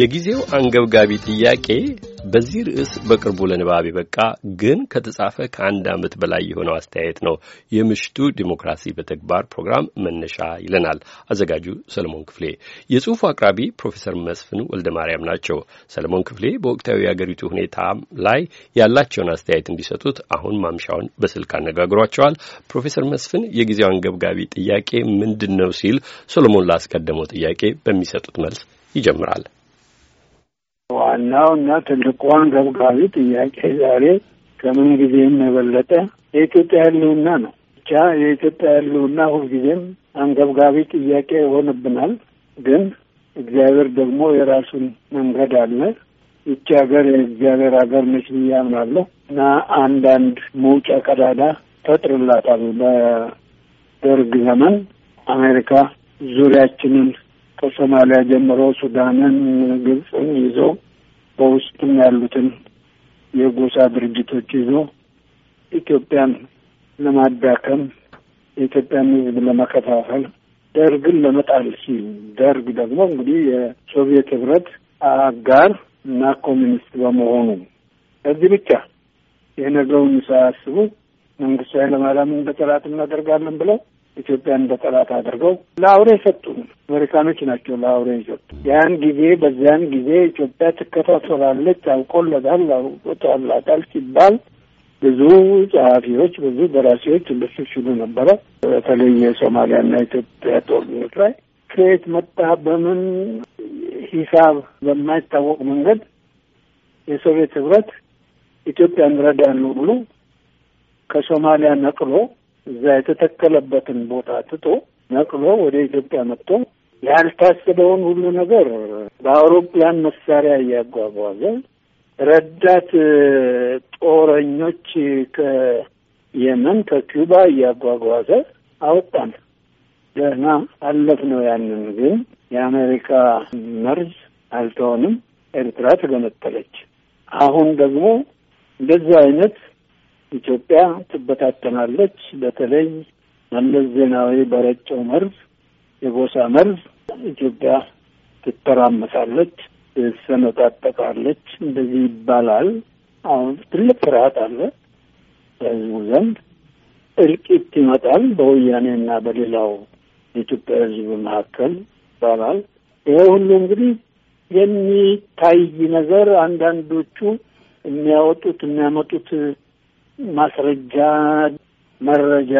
የጊዜው አንገብጋቢ ጥያቄ በዚህ ርዕስ በቅርቡ ለንባብ የበቃ ግን ከተጻፈ ከአንድ ዓመት በላይ የሆነው አስተያየት ነው የምሽቱ ዲሞክራሲ በተግባር ፕሮግራም መነሻ ይለናል አዘጋጁ ሰለሞን ክፍሌ። የጽሑፉ አቅራቢ ፕሮፌሰር መስፍን ወልደ ማርያም ናቸው። ሰለሞን ክፍሌ በወቅታዊ የአገሪቱ ሁኔታ ላይ ያላቸውን አስተያየት እንዲሰጡት አሁን ማምሻውን በስልክ አነጋግሯቸዋል። ፕሮፌሰር መስፍን የጊዜው አንገብጋቢ ጥያቄ ምንድን ነው ሲል ሰሎሞን ላስቀደመው ጥያቄ በሚሰጡት መልስ ይጀምራል። ዋናው እና ትልቁ አንገብጋቢ ጥያቄ ዛሬ ከምን ጊዜም የበለጠ የኢትዮጵያ ህልውና ነው። ብቻ የኢትዮጵያ ህልውና ሁልጊዜም አንገብጋቢ ጥያቄ ይሆንብናል። ግን እግዚአብሔር ደግሞ የራሱን መንገድ አለ። ይቺ ሀገር የእግዚአብሔር ሀገር ነች ብዬ አምናለሁ እና አንዳንድ መውጫ ቀዳዳ ፈጥርላታል። በደርግ ዘመን አሜሪካ ዙሪያችንን ከሶማሊያ ጀምሮ ሱዳንን፣ ግብፅን ይዞ በውስጥም ያሉትን የጎሳ ድርጅቶች ይዞ ኢትዮጵያን ለማዳከም የኢትዮጵያን ሕዝብ ለመከፋፈል ደርግን ለመጣል ሲል ደርግ ደግሞ እንግዲህ የሶቪየት ህብረት አጋር እና ኮሚኒስት በመሆኑ እዚህ ብቻ የነገውን ሳያስቡ መንግስቱ ኃይለማርያምን በጠላትም እናደርጋለን ብለው ኢትዮጵያን በጠላት አድርገው ለአውሬ ሰጡ አሜሪካኖች ናቸው ለአውሬ የሰጡ። ያን ጊዜ በዚያን ጊዜ ኢትዮጵያ ትከታተላለች አውቆለታል አውቆታላታል ሲባል ብዙ ጸሐፊዎች፣ ብዙ ደራሲዎች እንደሱ ሲሉ ነበረ። በተለይ የሶማሊያና ኢትዮጵያ ጦርነት ላይ ከየት መጣ፣ በምን ሂሳብ በማይታወቅ መንገድ የሶቪየት ህብረት ኢትዮጵያን ረዳን ብሎ ከሶማሊያ ነቅሎ እዛ የተተከለበትን ቦታ ትቶ ነቅሎ ወደ ኢትዮጵያ መጥቶ ያልታሰበውን ሁሉ ነገር በአውሮፕላን መሳሪያ እያጓጓዘ ረዳት ጦረኞች ከየመን ከኪባ እያጓጓዘ አወጣን። ደህና አለፍ ነው ያንን። ግን የአሜሪካ መርዝ አልተሆንም። ኤርትራ ተገነጠለች። አሁን ደግሞ እንደዛ አይነት ኢትዮጵያ ትበታተናለች። በተለይ መለስ ዜናዊ በረጨው መርዝ፣ የጎሳ መርዝ ኢትዮጵያ ትተራመሳለች፣ ትሰነጣጠቃለች፣ እንደዚህ ይባላል። አሁን ትልቅ ፍርሃት አለ በህዝቡ ዘንድ። እልቂት ይመጣል በወያኔና በሌላው የኢትዮጵያ ህዝብ መካከል ይባላል። ይሄ ሁሉ እንግዲህ የሚታይ ነገር አንዳንዶቹ የሚያወጡት የሚያመጡት ማስረጃ መረጃ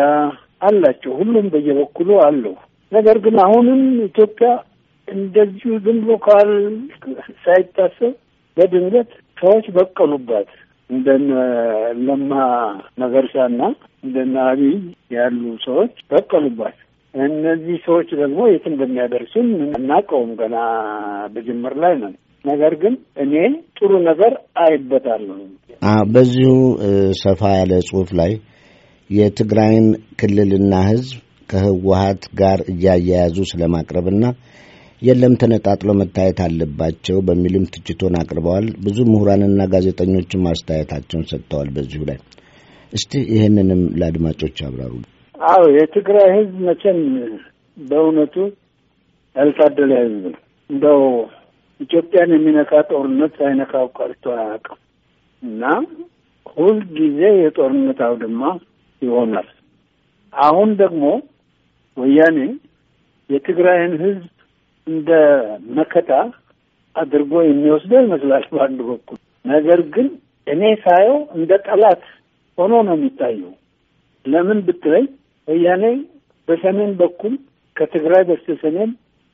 አላቸው። ሁሉም በየበኩሉ አለው። ነገር ግን አሁንም ኢትዮጵያ እንደዚሁ ዝም ብሎ ካል ሳይታሰብ በድንገት ሰዎች በቀሉባት እንደነ ለማ መገርሳና እንደነ አብይ ያሉ ሰዎች በቀሉባት። እነዚህ ሰዎች ደግሞ የት እንደሚያደርሱን አናውቀውም። ገና በጅምር ላይ ነን። ነገር ግን እኔ ጥሩ ነገር አይበታለሁ። በዚሁ ሰፋ ያለ ጽሁፍ ላይ የትግራይን ክልልና ህዝብ ከህወሀት ጋር እያያያዙ ስለማቅረብና የለም ተነጣጥሎ መታየት አለባቸው በሚልም ትችቶን አቅርበዋል። ብዙ ምሁራንና ጋዜጠኞችም አስተያየታቸውን ሰጥተዋል። በዚሁ ላይ እስቲ ይህንንም ለአድማጮች አብራሩ። አዎ የትግራይ ህዝብ መቼም በእውነቱ ያልታደለ ህዝብ ነው እንደው ኢትዮጵያን የሚነካ ጦርነት ሳይነካው ቀርቶ አያውቅም እና ሁልጊዜ የጦርነት አውድማ ይሆናል። አሁን ደግሞ ወያኔ የትግራይን ህዝብ እንደ መከታ አድርጎ የሚወስደው ይመስላል በአንድ በኩል። ነገር ግን እኔ ሳየው እንደ ጠላት ሆኖ ነው የሚታየው። ለምን ብትለኝ ወያኔ በሰሜን በኩል ከትግራይ በስተ ሰሜን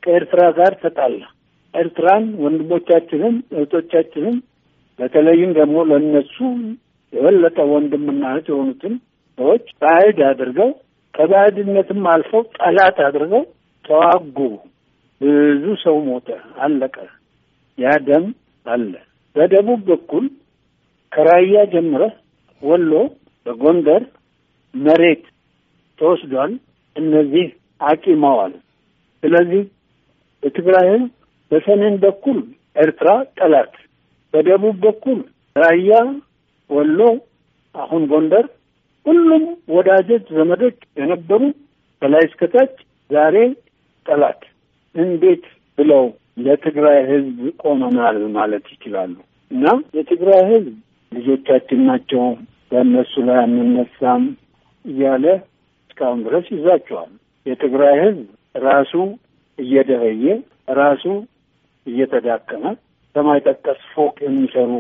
ከኤርትራ ጋር ተጣላ። ኤርትራን ወንድሞቻችንን እህቶቻችንን በተለይም ደግሞ ለእነሱ የበለጠ ወንድምና እህት የሆኑትን ሰዎች ባዕድ አድርገው ከባዕድነትም አልፈው ጠላት አድርገው ተዋጉ። ብዙ ሰው ሞተ፣ አለቀ። ያ ደም አለ። በደቡብ በኩል ከራያ ጀምረህ ወሎ፣ በጎንደር መሬት ተወስዷል። እነዚህ አቂመዋል። ስለዚህ የትግራይ በሰሜን በኩል ኤርትራ ጠላት፣ በደቡብ በኩል ራያ፣ ወሎ፣ አሁን ጎንደር ሁሉም ወዳጆች ዘመዶች የነበሩ ከላይ እስከታች ዛሬ ጠላት። እንዴት ብለው ለትግራይ ህዝብ ቆመናል ማለት ይችላሉ? እና የትግራይ ህዝብ ልጆቻችን ናቸው በእነሱ ላይ አንነሳም እያለ እስካሁን ድረስ ይዛቸዋል። የትግራይ ህዝብ ራሱ እየደኸየ ራሱ እየተዳከመ ሰማይ ጠቀስ ፎቅ የሚሰሩ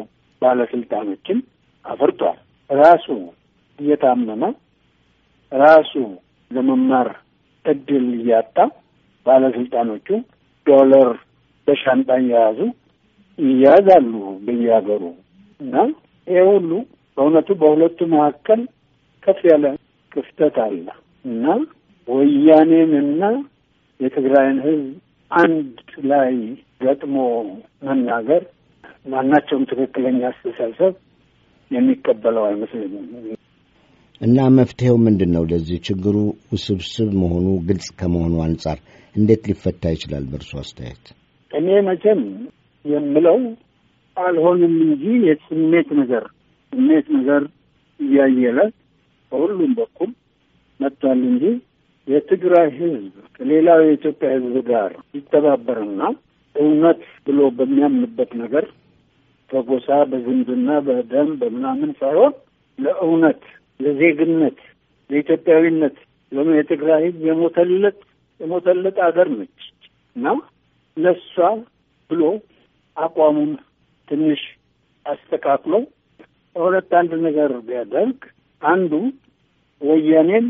ባለስልጣኖችን አፍርቷል። ራሱ እየታመመ ራሱ ለመማር እድል እያጣ ባለስልጣኖቹ ዶለር በሻንጣ እየያዙ ይያዛሉ በየሀገሩ እና ይሄ ሁሉ በእውነቱ በሁለቱ መካከል ከፍ ያለ ክፍተት አለ እና ወያኔንና የትግራይን ህዝብ አንድ ላይ ገጥሞ መናገር ማናቸውም ትክክለኛ አስተሳሰብ የሚቀበለው አይመስለኝም። እና መፍትሄው ምንድን ነው? ለዚህ ችግሩ ውስብስብ መሆኑ ግልጽ ከመሆኑ አንጻር እንዴት ሊፈታ ይችላል? በእርሱ አስተያየት። እኔ መቼም የምለው አልሆንም እንጂ የስሜት ነገር ስሜት ነገር እያየለ በሁሉም በኩል መጥቷል እንጂ የትግራይ ሕዝብ ከሌላው የኢትዮጵያ ሕዝብ ጋር ይተባበርና እውነት ብሎ በሚያምንበት ነገር በጎሳ፣ በዝምድና፣ በደም በምናምን ሳይሆን ለእውነት፣ ለዜግነት፣ ለኢትዮጵያዊነት የትግራይ ሕዝብ የሞተለት የሞተለት አገር ነች እና ለሷ ብሎ አቋሙን ትንሽ አስተካክሎ ሁለት አንድ ነገር ቢያደርግ አንዱ ወያኔን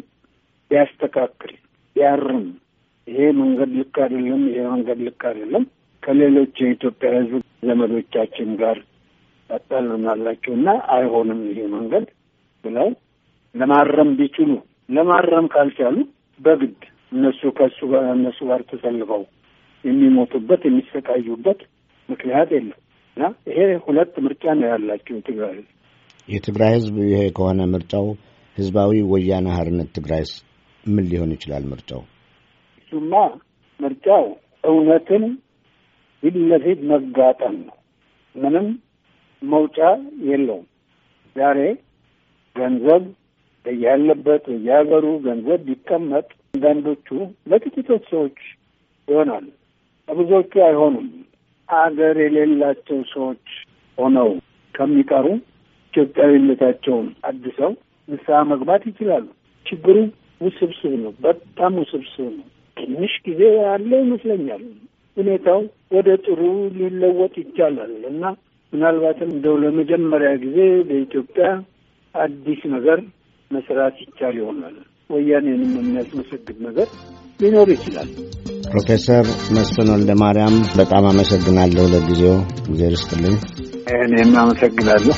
ቢያስተካክል ቢያርም ይሄ መንገድ ልክ አይደለም፣ ይሄ መንገድ ልክ አይደለም ከሌሎች የኢትዮጵያ ሕዝብ ዘመዶቻችን ጋር ያጣሉናላቸው እና አይሆንም ይሄ መንገድ ብለው ለማረም ቢችሉ ለማረም ካልቻሉ በግድ እነሱ ከሱ እነሱ ጋር ተሰልፈው የሚሞቱበት የሚሰቃዩበት ምክንያት የለም እና ይሄ ሁለት ምርጫ ነው ያላቸው የትግራይ ህዝብ የትግራይ ህዝብ ይሄ ከሆነ ምርጫው ህዝባዊ ወያነ ሀርነት ትግራይስ ምን ሊሆን ይችላል ምርጫው እሱማ ምርጫው እውነትን ፊት ለፊት መጋጠም ነው። ምንም መውጫ የለውም። ዛሬ ገንዘብ ያለበት በየሀገሩ ገንዘብ ቢቀመጥ አንዳንዶቹ ለጥቂቶች ሰዎች ይሆናል፣ ለብዙዎቹ አይሆኑም። አገር የሌላቸው ሰዎች ሆነው ከሚቀሩ ኢትዮጵያዊነታቸውን አድሰው ንስሐ መግባት ይችላሉ። ችግሩ ውስብስብ ነው፣ በጣም ውስብስብ ነው። ትንሽ ጊዜ ያለ ይመስለኛል። ሁኔታው ወደ ጥሩ ሊለወጥ ይቻላል እና ምናልባትም እንደው ለመጀመሪያ ጊዜ በኢትዮጵያ አዲስ ነገር መስራት ይቻል ይሆናል። ወያኔንም የሚያስመሰግን ነገር ሊኖር ይችላል። ፕሮፌሰር መስፍን ወልደ ማርያም በጣም አመሰግናለሁ። ለጊዜው እግዜር ይስጥልኝ። እኔም አመሰግናለሁ።